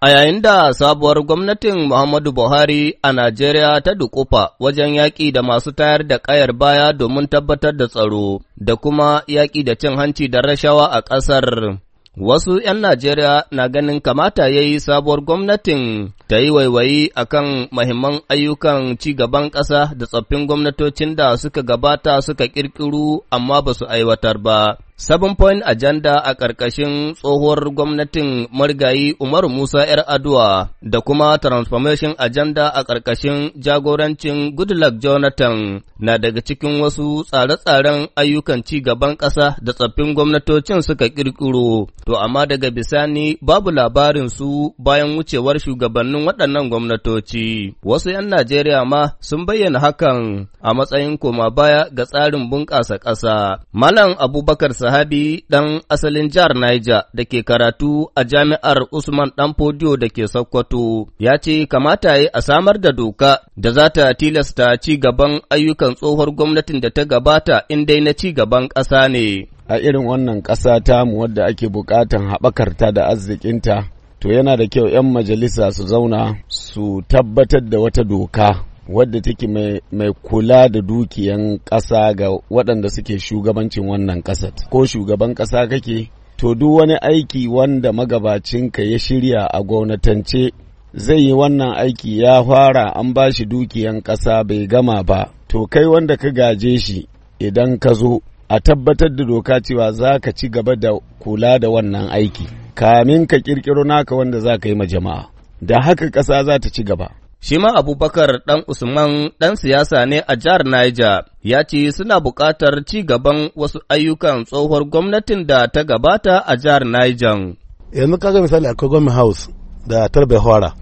A yayin da sabuwar gwamnatin Muhammadu Buhari a Najeriya ta dukufa wajen yaƙi da masu tayar da ƙayar baya domin tabbatar da tsaro da kuma yaƙi da cin hanci da rashawa a ƙasar. Wasu ‘yan Najeriya na ganin kamata ya yi sabuwar gwamnatin ta yi waiwayi a kan mahimman ayyukan ci gaban ƙasa da tsoffin gwamnatocin da suka gabata suka ƙirƙiru amma ba su aiwatar ba. Seven Point Agenda a ƙarƙashin tsohuwar gwamnatin marigayi Umar Musa ‘yar Adua da kuma Transformation Agenda a ƙarƙashin jagorancin Goodluck Jonathan na daga cikin wasu tsare-tsaren ayyukan ci gaban ƙasa da tsaffin gwamnatocin suka ƙirƙiro, to amma daga bisani babu labarin su bayan wucewar shugabannin waɗannan gwamnatoci. Wasu ‘yan Najeriya ma sun bayyana hakan a matsayin koma baya ga tsarin bunƙasa ƙasa. Malam Abubakar sahabi ɗan asalin jihar Niger da ke karatu a jami'ar Usman ɗan Fodiyo da ke Sokoto, ya ce kamata yi a samar da doka da za ta tilasta ci gaban ayyukan tsohuwar gwamnatin da ta gabata in dai na ci gaban ƙasa ne. A irin wannan ƙasa tamu wadda ake buƙatan haɓakarta da arzikinta, to yana da kyau 'yan majalisa su zauna su tabbatar da wata doka wadda take mai kula da dukiyan ƙasa ga waɗanda suke shugabancin wannan ƙasar ko shugaban ƙasa kake to duk wani aiki wanda magabacinka ya shirya a gwamnatance zai yi wannan aiki ya fara an ba shi dukiyan ƙasa bai gama ba to kai wanda ka gaje shi idan ka zo a tabbatar da doka cewa za ka ci gaba da kula da wannan aiki kamin ka ƙirƙiro naka wanda za ka yi ma jama'a da haka ƙasa za ta ci gaba Shi ma Abubakar ɗan Usman ɗan siyasa ne a jihar Niger, ya ce suna buƙatar ci gaban wasu ayyukan tsohuwar gwamnatin da ta gabata a jihar Niger. Yanzu ga misali akwai Gwamnati House da Tarbe Hora.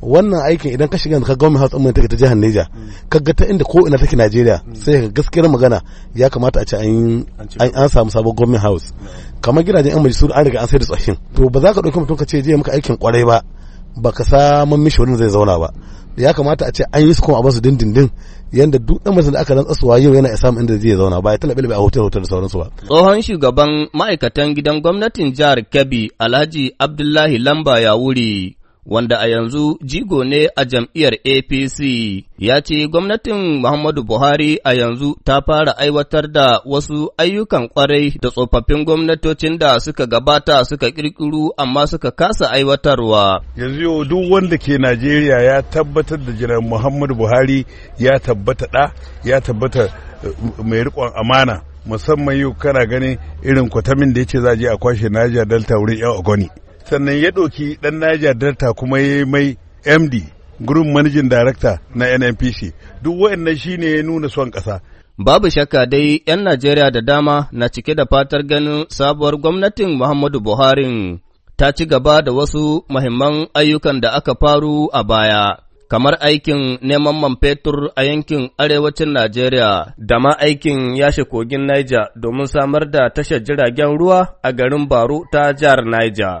Wannan aikin idan ka shiga ka Gwamnati House amma take ta jihar Niger, ka ga ta inda ko ina take Najeriya sai ka gaskiyar magana ya kamata a ce an an samu sabon Gwamnati House. Kamar gidajen 'yan majisur an riga an sai da tsohin. To ba za ka ɗauki mutum ka ce je muka aikin kwarai ba. Ba ka samun mishi wurin zai zauna ba ya kamata a ce an yi su kuma a basu dindindin yadda duk dan mutum da aka rantsa suwa yau yana samun inda zai zauna ba ya tana bilbi a hotel hotel da sauransu ba tsohon shugaban ma'aikatan gidan gwamnatin jihar Kebbi Alhaji Abdullahi Lamba ya wuri wanda a yanzu jigo ne a jam'iyyar APC, ya ce gwamnatin Muhammadu Buhari a yanzu ta fara aiwatar da wasu ayyukan kwarai da tsofaffin gwamnatocin da suka gabata suka kirkiru amma suka kasa aiwatarwa. Yanzu yau duk wanda ke Najeriya ya tabbatar da jiran Muhammadu Buhari ya tabbata ɗa, ya tabbata eh, mai riƙon amana. musamman yau kana ganin irin kwatamin da ya ce za a je a kwashe Niger Delta wurin 'yan Ogoni. sannan ya ɗauki ɗan Niger Delta kuma ya mai MD Group Managing Director na NNPC duk wayannan shine ya nuna son ƙasa. Babu shakka dai 'yan Najeriya da dama na cike da fatar ganin sabuwar gwamnatin Muhammadu Buhari ta ci gaba da wasu mahimman ayyukan da aka faru a baya. kamar aikin neman man fetur a yankin arewacin Najeriya da ma aikin yashe kogin Niger domin samar da tashar jiragen ruwa a garin Baro ta jihar Niger.